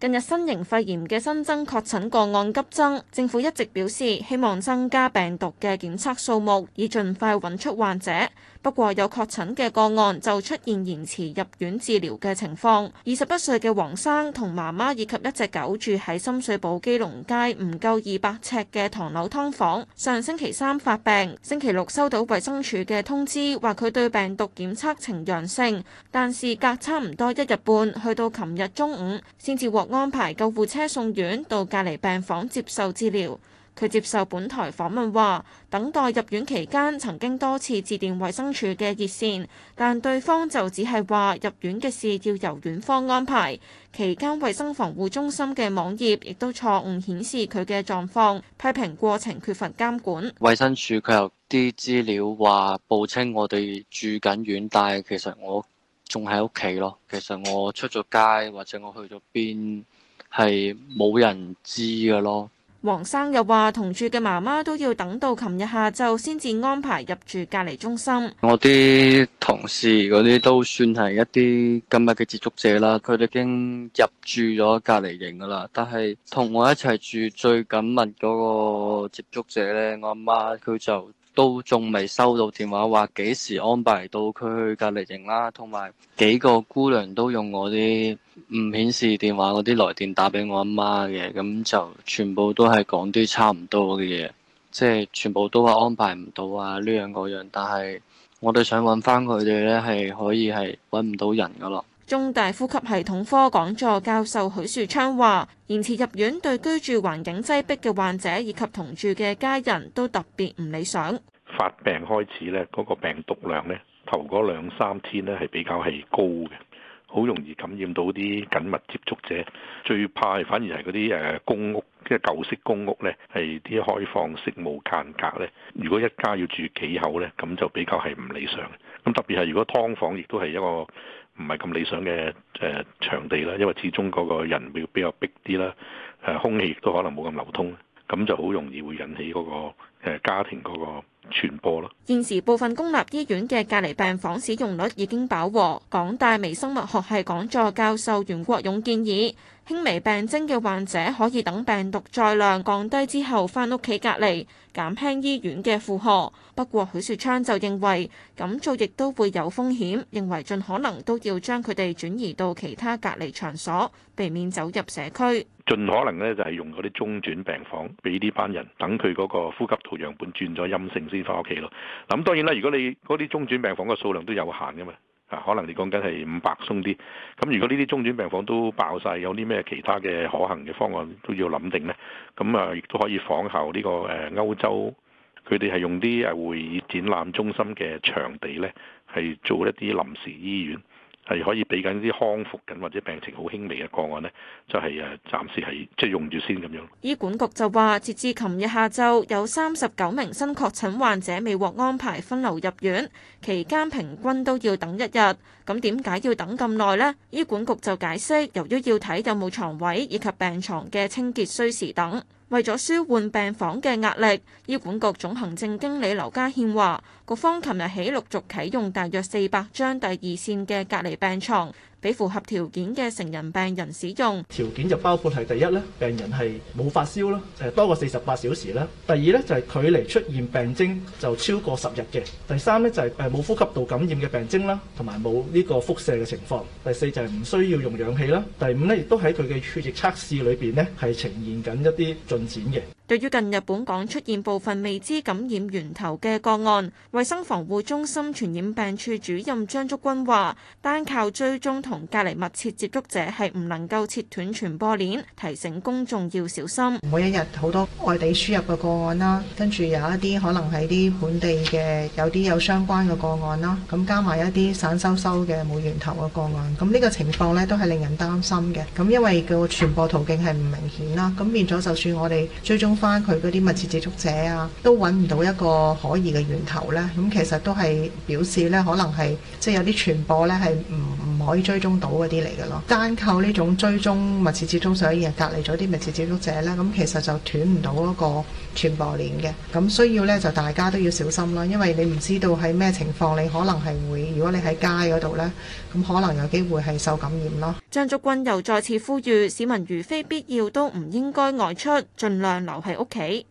近日新型肺炎嘅新增確診個案急增，政府一直表示希望增加病毒嘅檢測數目，以盡快搵出患者。不過有確診嘅個案就出現延遲入院治療嘅情況。二十一歲嘅黃生同媽媽以及一隻狗住喺深水埗基隆街唔夠二百尺嘅唐樓劏房。上星期三發病，星期六收到衛生署嘅通知，話佢對病毒檢測呈陽性，但事隔差唔多一日半，去到琴日中午先至獲。安排救護車送院到隔離病房接受治療，佢接受本台訪問話，等待入院期間曾經多次致電衛生署嘅熱線，但對方就只係話入院嘅事要由院方安排。期間衛生防護中心嘅網頁亦都錯誤顯示佢嘅狀況，批評過程缺乏監管。衛生署佢有啲資料話報稱我哋住緊院，但係其實我。仲喺屋企咯，其實我出咗街或者我去咗邊，係冇人知㗎咯。黃生又話，同住嘅媽媽都要等到琴日下晝先至安排入住隔離中心。我啲同事嗰啲都算係一啲今日嘅接觸者啦，佢哋已經入住咗隔離營噶啦。但係同我一齊住最緊密嗰個接觸者咧，我阿媽佢就都仲未收到電話話幾時安排到佢去隔離營啦，同埋幾個姑娘都用我啲唔顯示電話嗰啲來電打俾我阿媽嘅，咁就全部都係講啲差唔多嘅嘢，即係全部都話安排唔到啊呢樣個樣，但係我哋想揾翻佢哋咧，係可以係揾唔到人噶咯。中大呼吸系統科講座教授許樹昌話，延遲入院對居住環境擠迫嘅患者以及同住嘅家人都特別唔理想。發病開始呢，嗰個病毒量呢，頭嗰兩三天呢，係比較係高嘅，好容易感染到啲緊密接觸者。最怕反而係嗰啲誒公屋，即係舊式公屋呢，係啲開放式冇間隔呢，如果一家要住幾口呢，咁就比較，係唔理想。咁特別係如果㓥房亦都係一個唔係咁理想嘅誒場地啦，因為始終嗰個人會比較逼啲啦，誒空氣亦都可能冇咁流通，咁就好容易會引起嗰個誒家庭嗰個傳播咯。現時部分公立醫院嘅隔離病房使用率已經飽和，港大微生物學系講座教授袁國勇建議。輕微病徵嘅患者可以等病毒載量降低之後翻屋企隔離，減輕醫院嘅負荷。不過許樹昌就認為咁做亦都會有風險，認為盡可能都要將佢哋轉移到其他隔離場所，避免走入社區。盡可能咧就係用嗰啲中轉病房俾呢班人等佢嗰個呼吸道樣本轉咗陰性先翻屋企咯。咁當然啦，如果你嗰啲中轉病房嘅數量都有限噶嘛。啊，可能你講緊係五百宗啲，咁如果呢啲中轉病房都爆晒，有啲咩其他嘅可行嘅方案都要諗定呢？咁啊，亦都可以仿效呢個誒歐洲，佢哋係用啲誒會議展覽中心嘅場地呢，係做一啲臨時醫院。係可以俾緊啲康復緊或者病情好輕微嘅個案，呢就係誒暫時係即係用住先咁樣。醫管局就話，截至琴日下晝，有三十九名新確診患者未獲安排分流入院，期間平均都要等一日。咁點解要等咁耐呢？醫管局就解釋，由於要睇有冇床位以及病床嘅清潔需時等，為咗舒緩病房嘅壓力，醫管局總行政經理劉家獻話。局方琴日起陸續啟用大約四百張第二線嘅隔離病床，俾符合條件嘅成人病人使用。條件就包括係第一咧，病人係冇發燒咯，誒多過四十八小時啦；第二咧就係、是、距離出現病徵就超過十日嘅；第三咧就係誒冇呼吸道感染嘅病徵啦，同埋冇呢個輻射嘅情況；第四就係、是、唔需要用氧氣啦；第五咧亦都喺佢嘅血液測試裏邊咧係呈現緊一啲進展嘅。對於近日本港出現部分未知感染源頭嘅個案，衛生防護中心傳染病處主任張竹君話，單靠追蹤同隔離密切接觸者係唔能夠切斷傳播鏈，提醒公眾要小心。每一日好多外地輸入嘅個案啦，跟住有一啲可能係啲本地嘅有啲有相關嘅個案啦，咁加埋一啲散收收嘅冇源頭嘅個案，咁呢個情況呢都係令人擔心嘅。咁因為個傳播途徑係唔明顯啦，咁變咗就算我哋追蹤翻佢嗰啲密切接觸者啊，都揾唔到一個可疑嘅源頭咧，咁其實都係表示咧，可能係即係有啲傳播咧，係唔。唔可以追蹤到嗰啲嚟㗎咯，單靠呢種追蹤密切接觸，所以隔離咗啲密切接觸者咧，咁其實就斷唔到嗰個傳播鏈嘅。咁需要咧，就大家都要小心啦，因為你唔知道喺咩情況，你可能係會如果你喺街嗰度咧，咁可能有機會係受感染咯。張竹君又再次呼籲，市民如非必要都唔應該外出，盡量留喺屋企。